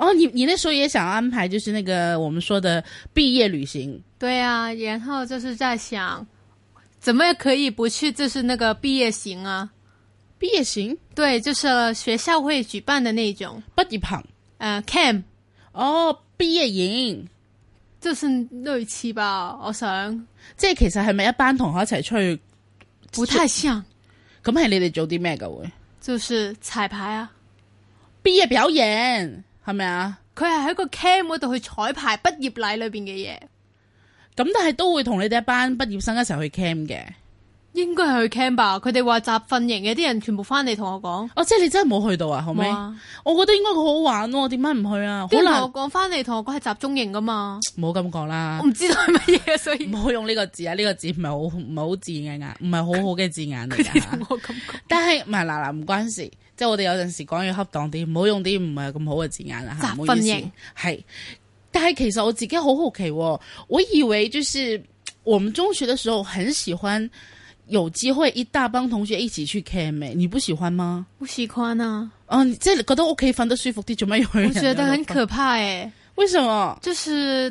哦，你你那時候也想安排，就是那個我們說的畢業旅行。對啊，然後就是在想，怎麼可以不去，就是那個畢業行啊？畢業行？對，就是學校會舉辦的那種。不一旁。呃、啊、Camp。哦，畢業營，就是類似吧，我想。即其實係咪一班同學一齊出去？不太像。咁係你哋做啲咩嘅？喂，就是彩排啊，畢業表演。係咪啊？佢係喺個 camp 嗰度去彩排畢業禮裏邊嘅嘢。咁但係都會同你哋一班畢業生一齊去 camp 嘅。應該係去 camp 吧？佢哋話集訓營嘅啲人全部翻嚟同我講。哦，即係你真係冇去到啊？啊好冇。我覺得應該好好玩、啊，點解唔去啊？好難。我講翻嚟同我講係集中營噶嘛。唔好咁講啦。我唔知道係乜嘢，所以。唔好用呢個字啊！呢、這個字唔係好唔係好字眼，唔係好好嘅字眼嚟。佢哋同我講、啊、但係唔係嗱嗱，唔關事。即係我哋有陣時講嘢恰當啲，唔好用啲唔係咁好嘅字眼啦吓。唔、啊、好意思，係，但係其實我自己很好好奇、哦，我以為就是我們中學的時候很喜歡有機會一大幫同學一起去 K M A，、欸、你不喜歡嗎？不喜歡啊，嗯、啊，即係覺得我可以瞓得舒服啲，就沒有人，我覺得很可怕誒、欸。為什麼？就是，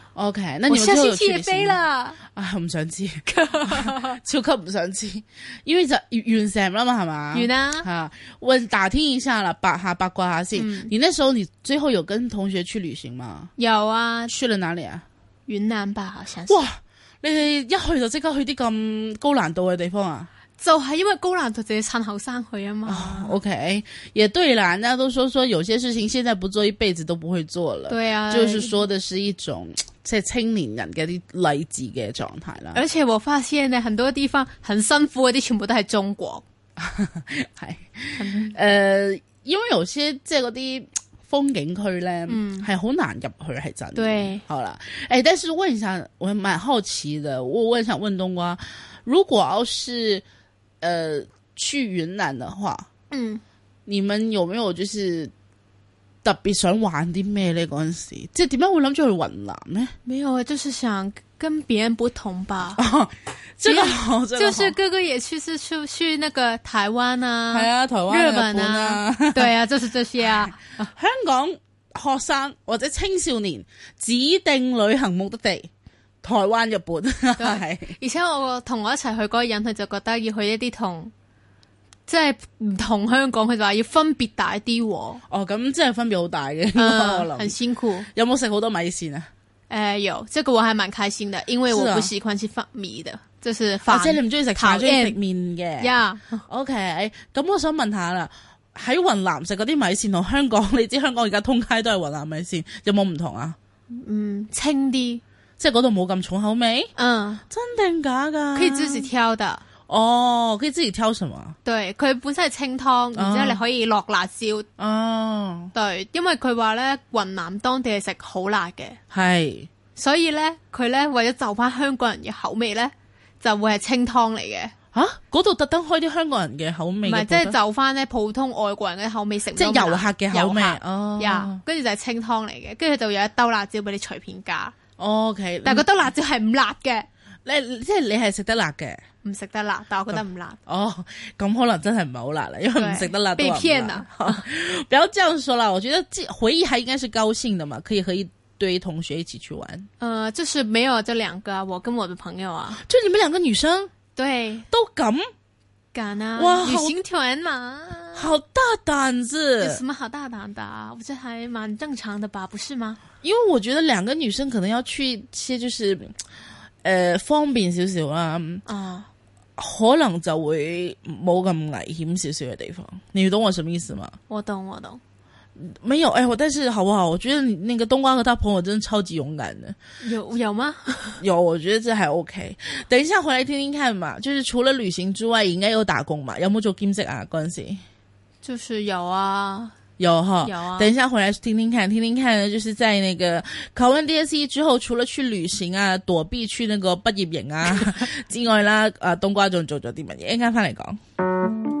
O、okay, K，那你們出去住先。我次次也飛啦，啊，唔想知， 超級唔想去，因為就完成啦嘛，係咪完啦、啊。哈、啊、我打聽一下啦，八下八卦下先。嗯、你那時候你最後有跟同學去旅行嗎？有啊。去了哪裏啊？雲南吧，好想去好像。哇，你一去就即刻去啲咁高難度嘅地方啊？就係因為高難度就要趁後生去啊嘛。O、oh, K，、okay、也對啦，人家都說說有些事情現在不做，一輩子都不會做了。對啊。就是說的是一種。即係青年人嘅啲勵志嘅狀態啦，而且我發現呢，很多地方很辛苦嗰啲，全部都係中國，係，誒，因為有些即係嗰啲風景區咧，係好、嗯、難入去，係真嘅。對好啦，誒、欸，但是問一下我蠻好奇嘅，我我想問冬瓜，如果要是，誒、呃，去雲南嘅話，嗯，你們有沒有就是？特別想玩啲咩咧？嗰陣時即係點解會諗住去雲南咧？沒有啊，就是想跟別人不同吧。哦，即、這、係、個，就是哥哥也去，是去去那個台灣啊，係啊，台灣、日本啊，日本啊，對啊，就是這些啊。 香港學生或者青少年指定旅行目的地，台灣、日本都係。而且對 我同我一齊去嗰個人，佢就覺得要去一啲同。即係唔同香港，佢就話要分別大啲。哦，咁即係分別好大嘅，可能、嗯。我想好辛苦。有冇食好多米線啊？誒、呃，有，這個我還蠻開心嘅，因為我不喜歡食飯米嘅。是嗎就是。或者、啊、你唔中意食炒麵嘅？呀，OK，咁我想問下啦，喺雲南食嗰啲米線同香港，你知香港而家通街都係雲南米線，有冇唔同啊？嗯，清啲，即係嗰度冇咁重口味。嗯，真定假噶？可以自己挑的。哦，佢以、oh, 自己挑什麼？對，佢本身係清湯，oh. 然之後你可以落辣椒。哦，oh. 對，因為佢話咧，雲南當地係食好辣嘅，係是，所以咧，佢咧為咗就翻香港人嘅口味咧，就會係清湯嚟嘅。吓、啊，嗰度特登開啲香港人嘅口味，唔係即係就翻、是、咧普通外國人嘅口味食，即係遊客嘅口味。哦，呀客，跟住、oh. yeah, 就係清湯嚟嘅，跟住就有一兜辣椒俾你隨便加。O Okay . K，但係嗰兜辣椒係唔辣嘅，嗯，你即係你係食得辣嘅。唔食得辣，但我覺得唔辣。哦，咁可能真係唔係好辣啦，因為唔食得辣，對辣被騙啊嘛。 不要這樣說啦，我覺得這回憶還應該是高興的嘛，可以和一堆同學一起去玩。誒、呃，就是沒有這兩個，我跟我的朋友啊，就你們兩個女生，對，都敢敢啊，旅感到 行團嘛，好大膽子，有什麼好大膽的？啊？我覺得還蠻正常的吧，不是嗎？因為我覺得兩個女生可能要去一些，就是誒、呃，方便少少啊。啊、哦。可能就會冇咁危險少少嘅地方，你懂我什麼意思嗎？我懂我懂，我懂沒有，哎，我但是好不好？我覺得你那個冬瓜和他朋友真係超級勇敢的，有有嗎？ 有，我覺得這還 OK。等一下回來聽聽看嘛，就是除了旅行之外，應該有打工嘛？有冇做兼職啊？關係就是有啊。有哈，有啊。等一下回來去聽聽看，聽聽看，呢，就是在那個考完 DSE 之後，除了去旅行啊，躲避去那個畢業營啊之 外啦，啊冬瓜仲做咗啲乜嘢？一陣間翻嚟講。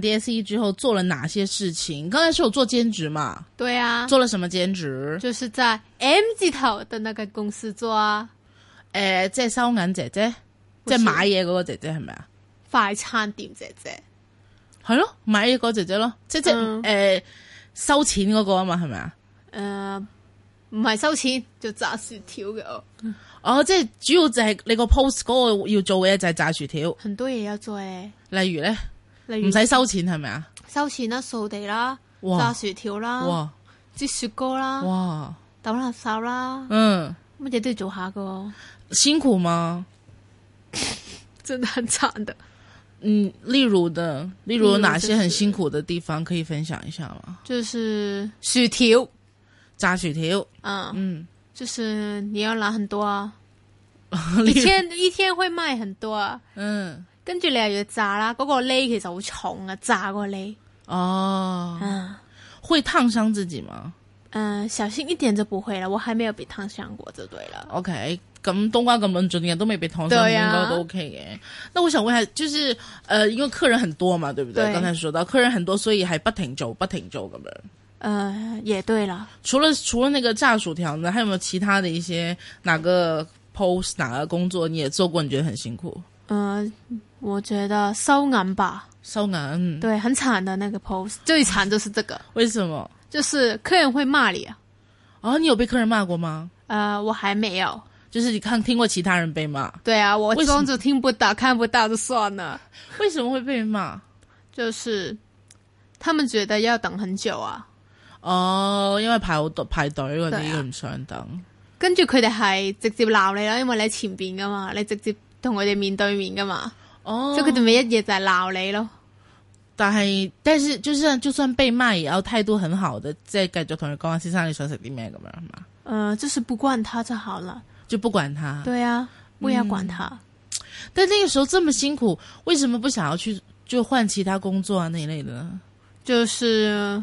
DSE 之後做了哪些事情？剛才是我做兼職嘛？對啊，做了什麼兼職？就是在 M 字頭的那個公司做啊。誒、呃，即、就、係、是、收銀姐姐，即、就、係、是、買嘢嗰個姐姐係咪啊？是是是快餐店姐姐。係咯，買嘢嗰個姐姐咯，即係誒收錢嗰個啊嘛，係咪啊？誒、呃，唔係收錢，就炸薯條嘅、嗯、哦。即、就、係、是、主要就係你個 post 嗰個要做嘅就係炸薯條。很多嘢要做誒，例如咧。唔使收錢係咪啊？收錢啦，掃地啦，炸薯條啦，唧雪糕啦，抌垃圾啦，嗯，乜嘢都要做下噶。辛苦嗎？真的很慘的。嗯，例如的，例如哪些很辛苦的地方可以分享一下嗎？就是薯條，炸薯條。嗯嗯，就是你要拿很多啊，一天一天會賣很多啊。嗯。跟住你又要炸啦，嗰、那個喱其實好重啊，炸嗰個喱哦，嗯，會燙傷自己嗎？嗯，小心一點就不會了。我還沒有被燙傷過，就對了。OK，咁冬瓜咁穩整天都沒被燙傷，應該、啊、都 OK 嘅。那我想問下，就是呃，因為客人很多嘛，對不對？剛對才說到客人很多，所以還不停做，不停做咁樣。嗯、呃，也對啦。除了除了那個炸薯條呢，還有沒有其他的一些哪個 post，哪個工作你也做過？你覺得很辛苦？嗯。我覺得收銀吧，收銀眼對很慘的那個 pose，最慘就是這個。為什麼？就是客人會罵你啊！啊、哦，你有被客人罵過嗎？啊、呃，我還沒有。就是你看聽過其他人被罵？對啊，我公主聽不到，看不到就算了。 為什麼會被罵？就是他們覺得要等很久啊。哦，因為排好多排隊，所以唔想等。跟住佢哋係直接鬧你啦，因為你喺前邊噶嘛，你直接同佢哋面對面噶嘛。哦，oh, 就佢哋每一夜在鬧你咯。但係，但是，就算就算被罵，也要態度很好的，在跟教同學講，先生你說是點咩嘅嘛。嗯，就是不管他就好了，就不管他。對呀、啊，不要管他、嗯。但那個時候這麼辛苦，為什麼不想要去就換其他工作啊那一類的呢？就是。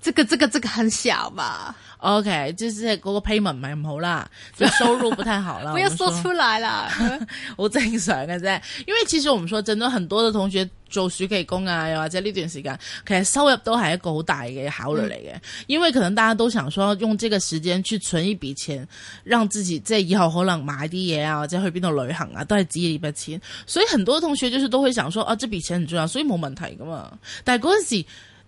這個這個這個很小嘛，OK，就是嗰個 payment 唔係好啦，所以收入不太好啦 不要說出來了，好 正常嘅啫。因為其實我們說，真的很多的同學做暑期工啊，又或者呢段時間，其實收入都係一個好大嘅考慮嚟嘅。嗯、因為可能大家都想說，用這個時間去存一筆錢，讓自己即係以後可能買啲嘢啊，或者去邊度旅行啊，都係自己一筆錢。所以很多同學就是都會想說，啊，這筆錢很重要，所以冇問題噶嘛。但係嗰陣時。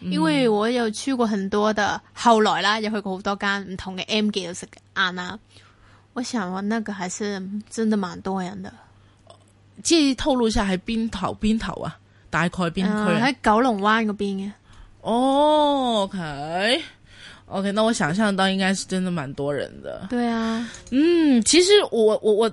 因為我有去過很多的，嗯、後來啦，又去過好多間唔同嘅 M 記食晏啦，我想我那個還是真的蠻多人的。介意透露一下邊，喺邊頭邊頭啊，大概邊區喺九龍灣嗰邊嘅。哦、oh,，OK，OK，、okay. okay, 那我想象到應該是真的蠻多人的。對啊，嗯，其實我我我。我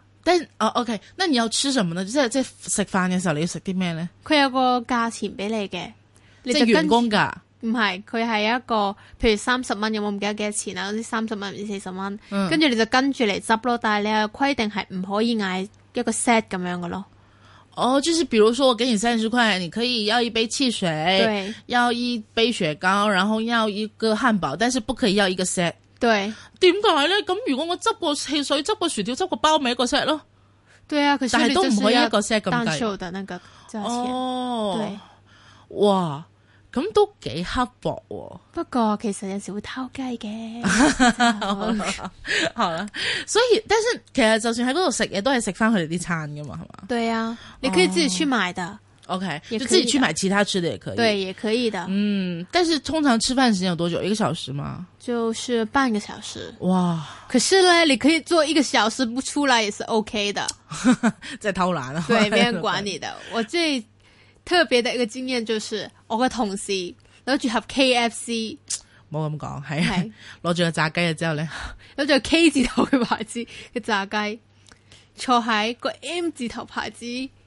但哦，OK，那你要吃什麼呢？即係即係食飯嘅時候你吃什麼呢你的，你要食啲咩咧？佢有個價錢俾你嘅，即係員工噶、啊。唔係，佢係一個，譬如三十蚊，有冇唔記得幾多錢啊？啲三十蚊、唔知四十蚊，嗯、跟住你就跟住嚟執咯。但係你有規定係唔可以嗌一個 set 咁樣嘅咯。哦，即係，比如說我給你三十塊，你可以要一杯汽水，對要一杯雪糕，然後要一個漢堡，但是不可以要一個 set。對，點解咧？咁如果我執個汽水，執個薯條，執個包咪一個 set 咯？對啊，但係都唔可以一個 set 咁計數。等一個價錢哦，哇，咁都幾刻薄，啊。不過其實有時候會偷雞嘅，好啦。所以，但是其實就算喺嗰度食嘢，都係食翻佢哋啲餐噶嘛，係嘛？對啊，哦，你可以自己出賣嘅。OK，就自己去買其他吃的也可以。對，也可以的。嗯，但是通常吃飯時間有多久？一個小時嗎？就是半個小時。哇！可是呢，你可以做一個小時不出來也是 OK 的，在偷懶啊。對，沒人管你的。我最特別的一個經驗就是，我個同事然攞住盒 KFC，冇咁講，係啊，攞住個炸雞之後呢，攞住 K 字頭嘅牌子嘅炸雞，坐喺個 M 字頭牌子。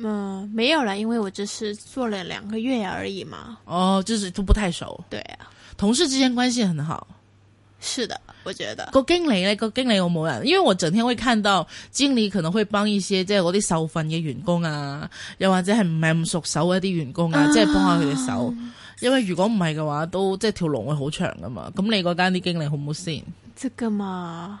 嗯，沒有啦，因為我只是做了兩個月而已嘛。哦，就是都不太熟。對啊，同事之間關係很好。是的，我覺得個經理咧，個經理我冇人，因為我整天會看到經理可能會幫一些即係嗰啲受訓嘅員工啊，嗯、又或者係唔係咁熟手嘅一啲員工啊，即係幫下佢哋手。啊、因為如果唔係嘅話，都即係條龍會好長㗎嘛。咁你嗰間啲經理好唔好先？即係、嗯這個、嘛。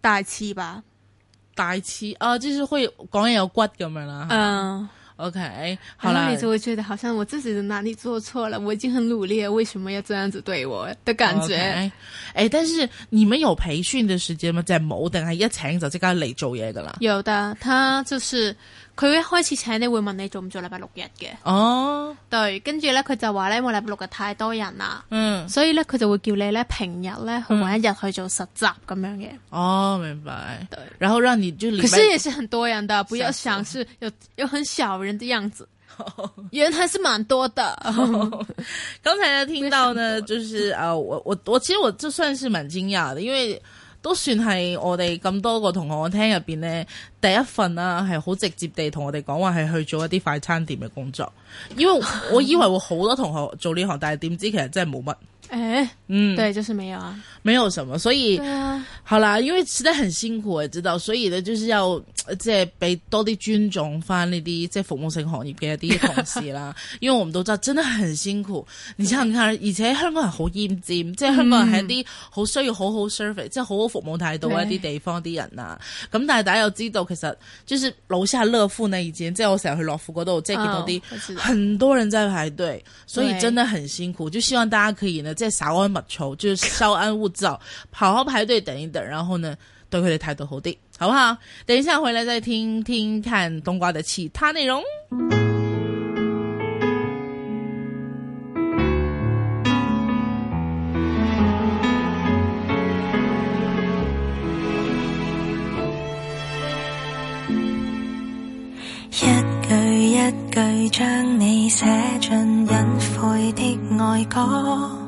大刺吧，大刺，啊，就是會講嘢有骨咁樣啦。嗯。吧 OK，好啦，哎、你就會覺得好像我自己的哪裏做錯了，我已經很努力了，為什麼要這樣子對我的感覺？誒、okay. 哎，但是你們有培訓的時間嗎？就係冇定係一請就即刻嚟做嘢噶啦？有的，他就是佢一開始請你會問你做唔做禮拜六日嘅？哦，對，跟住咧，佢就話咧，我禮拜六日太多人啦，嗯，所以咧，佢就會叫你咧平日咧去揾一日去做實習咁樣嘅、嗯。哦，明白。對，然後讓你就禮拜可是也是很多人的，不要想是有次有很小。人的樣子，人還是蠻多的。剛才 聽到呢，就是啊，我我我其實我就算是蠻驚訝的，因為都算係我哋咁多個同學，我聽入邊呢第一份啊，係好直接地同我哋講話係去做一啲快餐店嘅工作，因為我以為會好多同學做呢行， 但係點知其實真係冇乜。誒，嗯，對，就是沒有啊，沒有什麼，所以，好啦，因為實在很辛苦，也知道，所以呢，就是要即係俾多啲尊重翻呢啲即係服務性行業嘅一啲同事啦，因為我們都知道真的很辛苦，你而且，而且香港人好厭尖，即係香港人係一啲好需要好好 service 即係好好服務態度一啲地方啲人啊，咁但係大家又知道其實，就是樓下樂富呢一間，即係我成日去樂富嗰度，即係見到啲很多人在排隊，所以真的很辛苦，就希望大家可以呢。再稍安勿躁，就稍安勿躁，好 好排隊等一等，然後呢，對佢哋態度好啲，好不好？等一下回來再聽聽看冬瓜的其他內容。一句一句將你寫進隱晦的愛歌。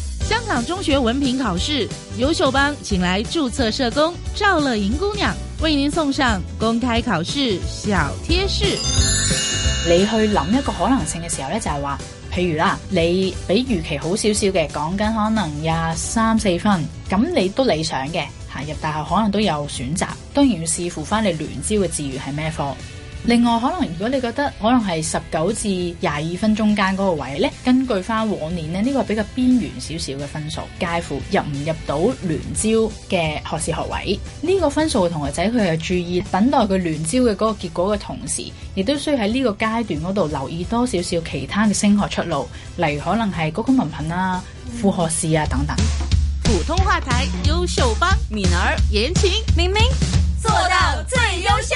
香港中學文憑考試優秀班，請來注冊社工趙樂瑩姑娘為您送上公開考試小貼士。你去諗一個可能性嘅時候咧，就係話，譬如啦，你比預期好少少嘅，講緊可能廿三四分，咁你都理想嘅，行入大學可能都有選擇，當然要視乎翻你聯招嘅志願係咩科。另外，可能如果你覺得可能係十九至廿二分中間嗰個位咧，根據翻往年呢，呢個比較邊緣少少嘅分數，介乎入唔入到聯招嘅學士學位。呢個分數嘅同學仔，佢係注意等待佢聯招嘅嗰個結果嘅同時，亦都需要喺呢個階段嗰度留意多少少其他嘅升學出路，例如可能係高考文憑啊、嗯、副學士啊等等。普通話才優秀班，敏兒、言情、明明做到最優秀。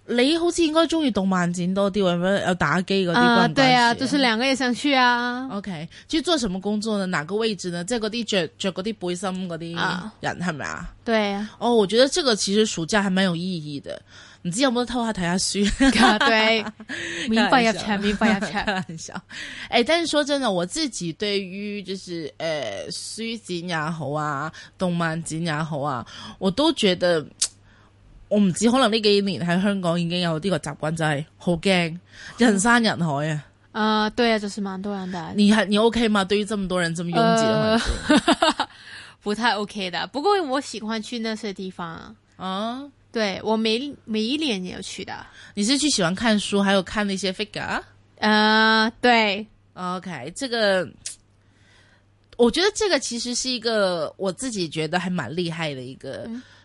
你好似應該中意動漫展多啲，有冇有要打機嗰啲？啊，uh, 對啊，就是兩個月想去啊。OK，去做什麼工作呢？哪個位置呢？着嗰啲着着嗰啲背心嗰啲人係咪、uh, 啊？對。哦，我覺得這個其實暑假還蠻有意義的，唔知有冇得偷,偷下睇下書。對，免費一 check 免費一 check，誒，但是說真的，我自己對於就是誒書展也好啊，動漫展也好啊，我都覺得。我唔知，可能呢幾年喺香港已經有呢個習慣，就係好驚人山人海啊！啊、呃，對啊，就是蠻多人的。你你 OK 嗎？對於這麼多人，這麼擁擠的話，呃、 不太 OK 的。不過我喜歡去那些地方啊！對，我每每一年有去的。你是去喜歡看書，還有看那些 figure？啊、呃，對，OK，這個我覺得這個其實是一個我自己覺得還蠻厲害的一個。嗯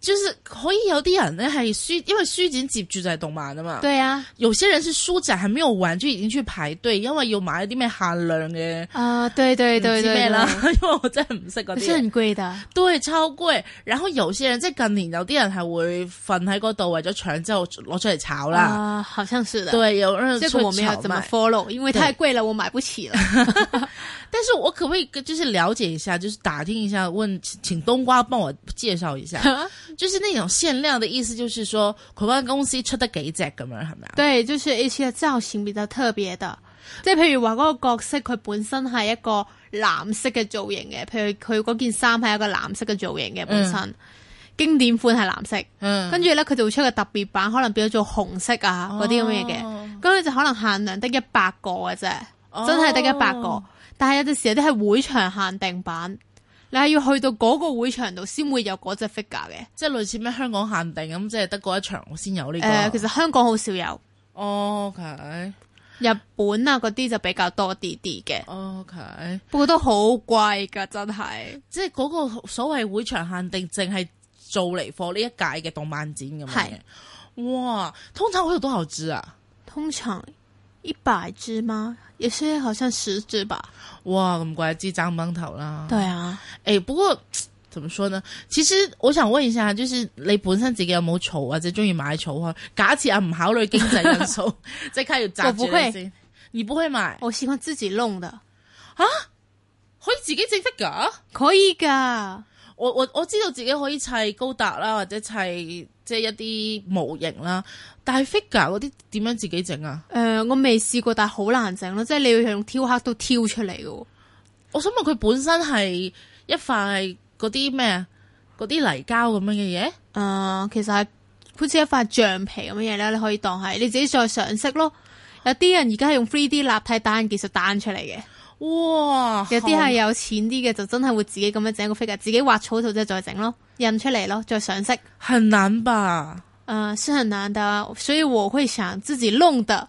就是可以有啲人呢，係書，因為書展接住就係動漫啊嘛。對啊，有些人是書展還沒有完，就已經去排隊，因為要買啲咩限量嘅啊，對對對對啦。因為我真係唔識嗰啲，係很貴的，對，超貴。然後有些人即係近年有啲人係會瞓喺嗰度為咗搶之後攞出嚟炒啦。啊，好像是的。對，有呢種炒賣。我冇怎麼 follow，因為太貴了，我買不起了。但是我可唔可以，就是了解一下，就是打聽一下，問請冬瓜幫我介紹一下。就是那種限量的意思，就是說，佢間公司出得幾隻，咁樣，係咪啊？對，就是一次嘅造型比較特別的，即係譬如話某個角色佢本身係一個藍色嘅造型嘅，譬如佢嗰件衫係一個藍色嘅造型嘅、嗯、本身，經典款係藍色，嗯，跟住咧佢就會出個特別版，可能變咗做紅色啊嗰啲咁嘅嘢嘅，咁你、哦、就可能限量得一百個嘅啫，哦、真係得一百個，但係有陣時候有啲係會場限定版。你係要去到嗰個會場度，先會有嗰隻 figure 嘅，即係類似咩香港限定咁，即係得嗰一場我先有呢、這個、呃。其實香港好少有。O Okay . K，日本啊嗰啲就比較多啲啲嘅。O Okay . K，不過都好貴噶，真係。即係嗰個所謂會場限定，淨係做嚟貨呢一屆嘅動漫展咁樣嘅。係是。哇，通常度多好知啊？通常。一百支嗎？也是好像十支吧。哇，咁怪之爭崩頭啦。對啊，哎、欸，不過怎麼說呢？其實我想問一下，就是你本身自己有冇草，或者中意買草？假設啊，唔考慮經濟因素，即刻要摘住先，你不會買？我喜歡自己弄的。啊？可以自己整得噶？可以噶。我我我知道自己可以砌高達啦，或者砌即係一啲模型啦。但係 figure 嗰啲點樣自己整啊？誒、呃，我未試過，但係好難整咯。即係你要用雕刻刀雕出嚟喎。我想問佢本身係一塊嗰啲咩嗰啲泥膠咁樣嘅嘢？誒、呃，其實係好似一塊橡皮咁樣嘢咧，你可以當係你自己再上色咯。有啲人而家係用 3D 立體打印技術打印出嚟嘅。哇，有啲係有錢啲嘅，好就真係會自己咁樣整個 figure，自己畫草圖之後再整咯，印出嚟咯，再上色。很難吧？誒、呃，是很難的，所以我會想自己弄的，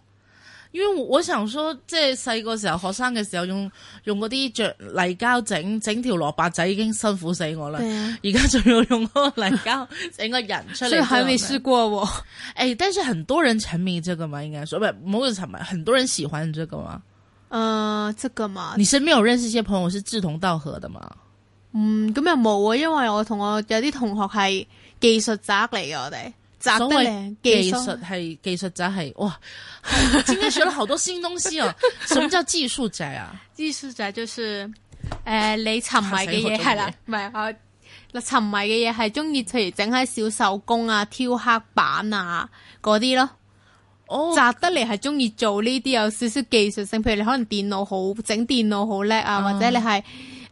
因為我想說，即係細個時候學生嘅時候用用嗰啲橡泥膠整整條蘿蔔仔已經辛苦死我啦，而家仲要用嗰個泥膠 整個人出嚟，所以還未試過。誒吧、欸，但是很多人沉迷這個嘛，應該說不，不，唔係沉迷，很多人喜歡這個嘛。誒，即係噶嘛？你身邊有認識一些朋友是志同道合嘅嘛？嗯，咁又冇啊，因為我同我有啲同學係技術宅嚟嘅，我哋宅得靚，技術係技術宅係哇，我今日學咗好多新東西哦、啊。 什麼叫技術宅啊？ 技術宅就是誒、呃，你沉迷嘅嘢係啦，唔係我，我沉迷嘅嘢係中意譬如整下小手工啊、挑黑板啊嗰啲咯。宅、哦、得嚟係中意做呢啲有少少技術性，譬如你可能電腦好整電腦好叻啊，或者你係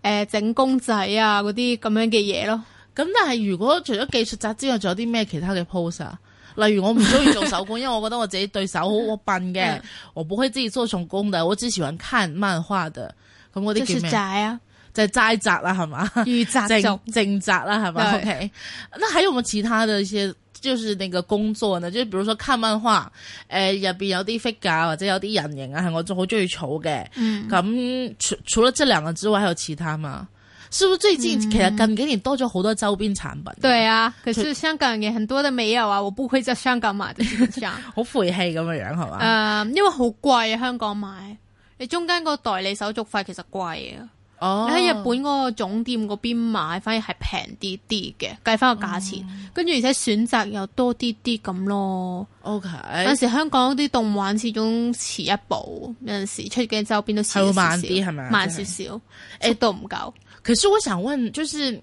誒整公仔啊嗰啲咁樣嘅嘢咯。咁但係如果除咗技術宅之外，仲有啲咩其他嘅 pose 啊？例如我唔中意做手工， 因為我覺得我自己對手好笨嘅，嗯嗯、我不會自己做手工的，我只喜歡看漫畫的。咁嗰啲叫是宅啊，就是宅宅啦，係嘛？余宅正，正宅啦，係咪 o k 那還有冇其他的一些？就是那個工作呢，就比如說看漫畫，誒入邊有啲 figure 或者有啲人形啊，係我仲好中意儲嘅。咁除、嗯、除了這兩個之外，還有其他嘛？是不是最近、嗯、其實近幾年多咗好多周邊產品、嗯？對啊，其實香港也很多都沒有啊，我不會在香港買好晦氣咁嘅樣係嘛、嗯？因為好貴啊，香港買，你中間個代理手續費其實貴啊。你喺、哦、日本嗰個總店嗰邊買，反而係平啲啲嘅，計翻個價錢，跟住、嗯、而且選擇又多啲啲咁咯。O K，有陣時香港啲動漫始終遲一步，有陣時出嘅周邊都少少，少，慢啲係咪？慢少少，誒嗎、欸，都唔夠。其實我想問，就是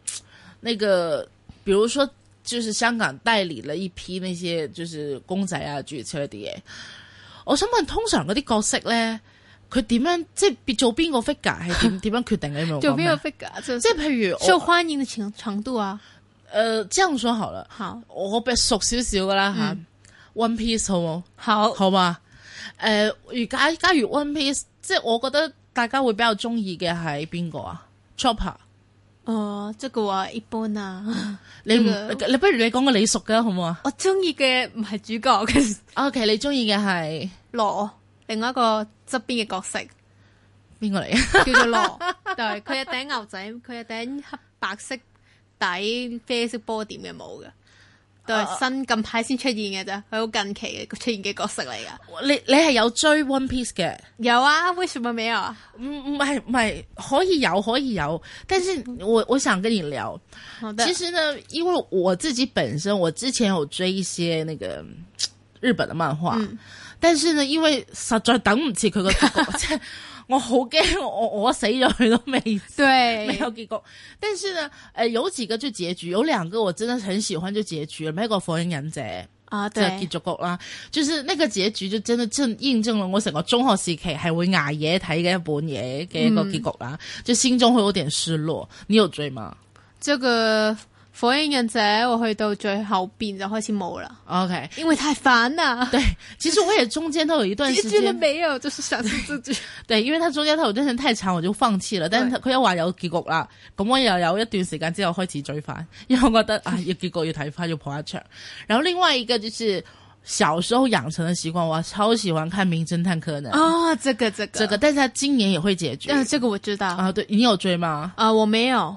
那個，比如說，就是香港代理了一批那些，就是公仔啊、舉車啲嘢，我想問，通常嗰啲角色咧？佢點樣即係做邊個 figure 係點點樣決定嘅？做邊個 figure 即係譬如受歡迎嘅程程度啊？誒，即係我想學啦。好，我比較熟少少噶啦吓。One Piece 好冇？好，好嘛？誒，而家假如 One Piece，即係我覺得大家會比較中意嘅係邊個啊？Chopper。哦，即個話一般啊。你你不如你講個你熟㗎好唔好啊？我中意嘅唔係主角嘅。OK，你中意嘅係羅，另外一個。側邊嘅角色，邊個嚟啊？叫做羅， 對，佢係頂牛仔，佢係頂黑白色底啡色波點嘅帽嘅，對，uh，新近排先出現嘅啫，佢好近期嘅出現嘅角色嚟噶。你你係有追 One Piece 嘅？有啊，為什麼未有？啊？唔，唔係唔係可以有，可以有，但是我我想跟你聊，嗯、其實呢，因為我自己本身，我之前有追一些那個日本嘅漫畫。嗯但是呢，因為實在等唔切佢個結局， 即係我好驚我我死咗佢都未，對，未有結局。對但是呢，誒、呃，有幾個就結局，有兩個我真的很喜歡就結局，咪一個火影忍者啊，對就結局啦，就是那個結局就真的正印證咗我成個中學時期係會捱夜睇嘅一本嘢嘅一個結局啦，嗯、就心中會有點失落。你有追嗎？這個。火影忍者，我去到最後邊就開始冇了。o Okay k 因為太煩了。對，其實我也中間都有一段時間，結局了沒有？就是想着自己。對，因為他中間他有段時間太長，我就放棄了。對但是他佢又話有結局啦，咁我又有一段時間之後開始追番，因為我覺得啊、 哎，有結局有睇翻就跑一場。然後另外一個就是小時候養成的習慣，我超喜歡看名偵探柯南啊，這個、這個、這個，但是他今年也會解決。嗯，這個我知道。啊，對，你有追嗎？啊，我沒有。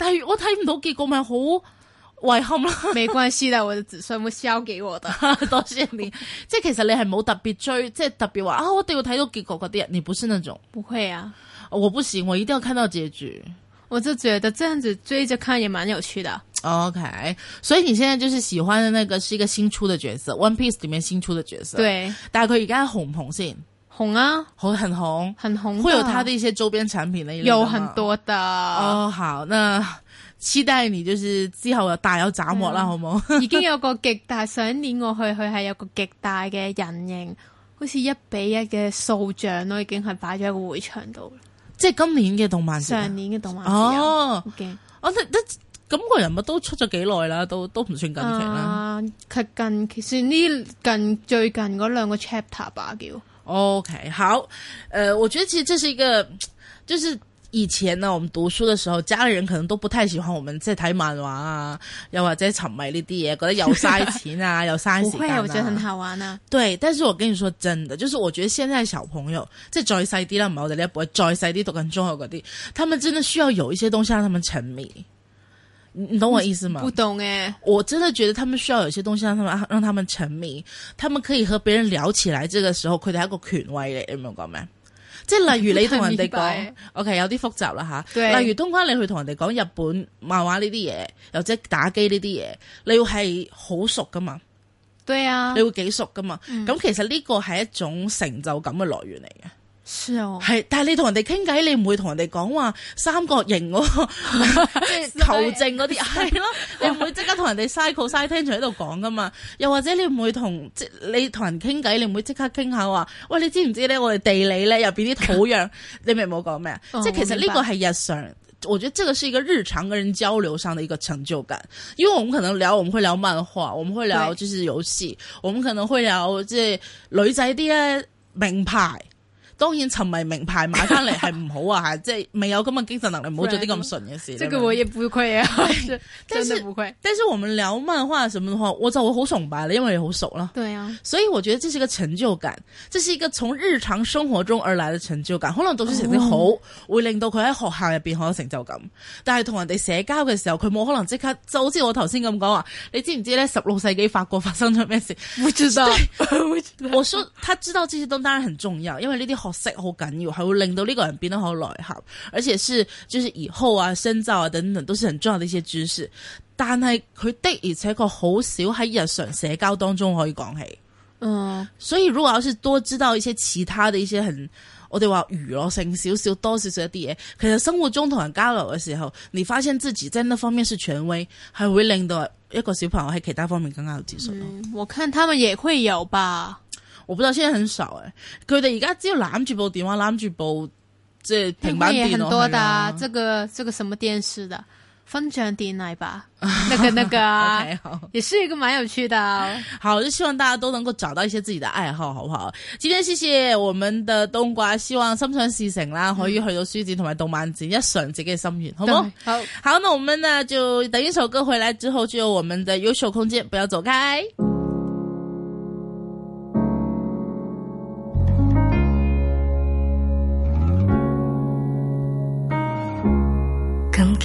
但係我睇唔到結果咪好遺憾咯。 沒關係，但我，我的子孫 share 俾我得， 多謝你。 即係其實你係冇特別追，即係特別話啊，我對我睇到結果嘅啲，你不是那種。不會啊，我不行，我一定要看到結局。我就覺得這樣子追着看也蠻有趣的。 OK，所以你現在就是喜歡的那個是一個新出的角色，One Piece 裏面新出的角色。對，但係佢而家紅唔紅先？紅啊，好很紅，很紅，會有他的一些周邊產品咧、啊，有很多的。哦，好，那期待你，就是之後又大有斬獲啦，的好唔好？已經有個極大， 上一年我去，佢係有個極大嘅人形，好似一比一嘅塑像咯，已經係擺咗喺個會場度。即係今年嘅動漫展、啊，上年嘅動漫展哦。好嘅 Okay，我覺得，咁個人物都出咗幾耐啦，都都唔算近期啦。近期算呢近最近嗰兩個 chapter 吧叫。OK，好，呃，我覺得其實這是一個，就是以前呢，我們讀書的時候，家裏人可能都不太喜歡我們在台滿玩啊，又或者沉迷呢啲嘢，覺得又嘥錢啊，又嘥 時間啊。不會，我覺得很好玩啊。對，但是我跟你說真的，就是我覺得現在小朋友，即係再細啲啦，唔係我哋呢一步，再細啲讀緊中學嗰啲，他們真的需要有一些東西讓他們沉迷。你懂我意思嘛？不懂誒，我真的覺得他們需要有些東西，讓他們讓他們沉迷，他們可以和別人聊起來。這個時候佢哋係一個權威 e e 嚟，你明唔明講咩？即係例如你同人哋講白，OK，有啲複雜啦吓。對例如通關你去同人哋講日本漫畫呢啲嘢，或者打機呢啲嘢，你會係好熟噶嘛？對啊，你會幾熟噶嘛？咁、嗯、其實呢個係一種成就感嘅來源嚟嘅。係、哦，但係你同人哋傾偈，你唔會同人哋講話三角形嗰個球證嗰啲，係咯，你唔會即刻同人哋 cycle cycle 聽住喺度講噶嘛？又 或者你唔會同即你同人傾偈，你唔會即刻傾下話，喂，你知唔知咧？我哋地理咧入邊啲土壤 你明唔明我講咩？哦、即其實呢個係日常我，我覺得這個是一個日常嘅人交流上的一個成就感，因為我們可能聊我們會聊漫畫，我們會聊就是遊戲，對我們可能會聊即女仔啲名牌。當然沉迷名牌買翻嚟，係唔好啊，係即係未有咁嘅經濟能力，唔好 做啲咁純嘅事。對這個我也不愧啊，是但是真的不愧。但是我們聊漫畫什麼的話，我就會好崇拜啦，因為好熟啦，啊。對啊，所以我覺得這是一個成就感，這是一個從日常生活中而來的成就感。可能讀書成績好，oh. 會令到佢喺學校入邊好有成就感。但係同人哋社交嘅時候，佢冇可能即刻就好似我頭先咁講話。你知唔知咧？十六世紀法國發生咗咩事？我知道，我說他知道這些都當然很重要，因為呢啲角色好緊要，係會令到呢個人變得好內涵，而且是就是以後啊、深造啊等等，都是很重要的一些知識。但係佢的，而且確好少喺日常社交當中可以講起。嗯，所以如果要是多知道一些其他的一些很，我哋話娛樂性少少、多少少一啲嘢，其實生活中同人交流嘅時候，你發現自己真呢方面是權威，係會令到一個小朋友喺其他方面更加有自信咯。我看他們也會有吧。我不知道現在很少哎，佢哋而家只有攬住部電話，攬住部即係平板電腦。很多的，啊、這個這個什麼電視的，Fun 張吧，那個那個、啊， okay, 好也是一個蠻有趣的、啊。 好，就希望大家都能夠找到一些自己的愛好，好不好？今天謝謝我們的冬瓜，希望心想事成啦，嗯、可以去到書展同埋動漫展，一嘗自己嘅心願，好唔好？好，好，那我們呢就等一首歌回來之後，就有我們的優秀空間，不要走開。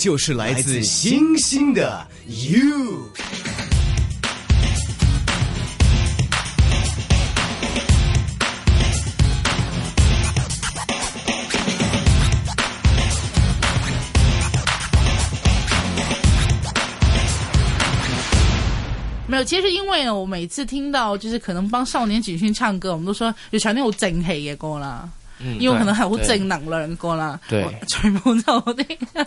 就是來自星星的 you。沒有，其實是因為我每次聽到，就是可能幫少年警訊唱歌，我們都說就唱那種正氣嘅歌啦，嗯、因為可能係好正能量嘅歌啦，嗯、歌啦對，全部都嗰啲。對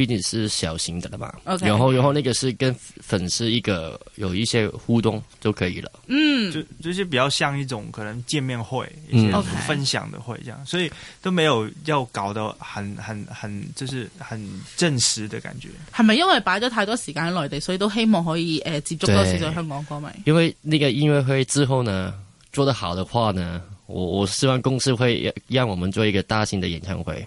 畢竟是小型的了吧，okay，然後然後那個是跟粉絲一個有一些互動就可以了，嗯，就就是比較像一種可能見面會，一些，嗯，分享的會這樣，所以都沒有要搞得很很很就是很正式的感覺。係咪因為擺咗太多時間喺內地，所以都希望可以誒、呃、接觸多啲嘅對香港歌迷？因為那個音樂會之後呢，做得好的話呢，我我希望公司會讓我們做一個大型的演唱會。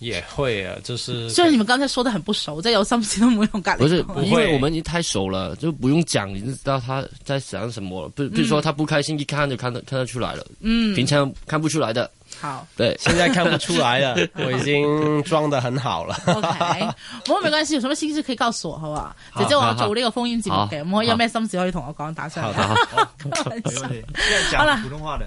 也會啊，就是雖然你們剛才說得很不熟，在遊戲機都沒有感覺。不是，不會因為我們已經太熟了，就不用講，你就知道他在想什麼了。不，比如說他不開心，一看就看得看得出來了。嗯，平常看不出來的。好，對，現在看不出來了，我已經裝得很好了。OK，不過沒關係，有什麼心事都可以告訴我好嘛？姐姐我做呢個風煙節目嘅，咁我有咩心事可以同我講，打商量。好啦，普通話的。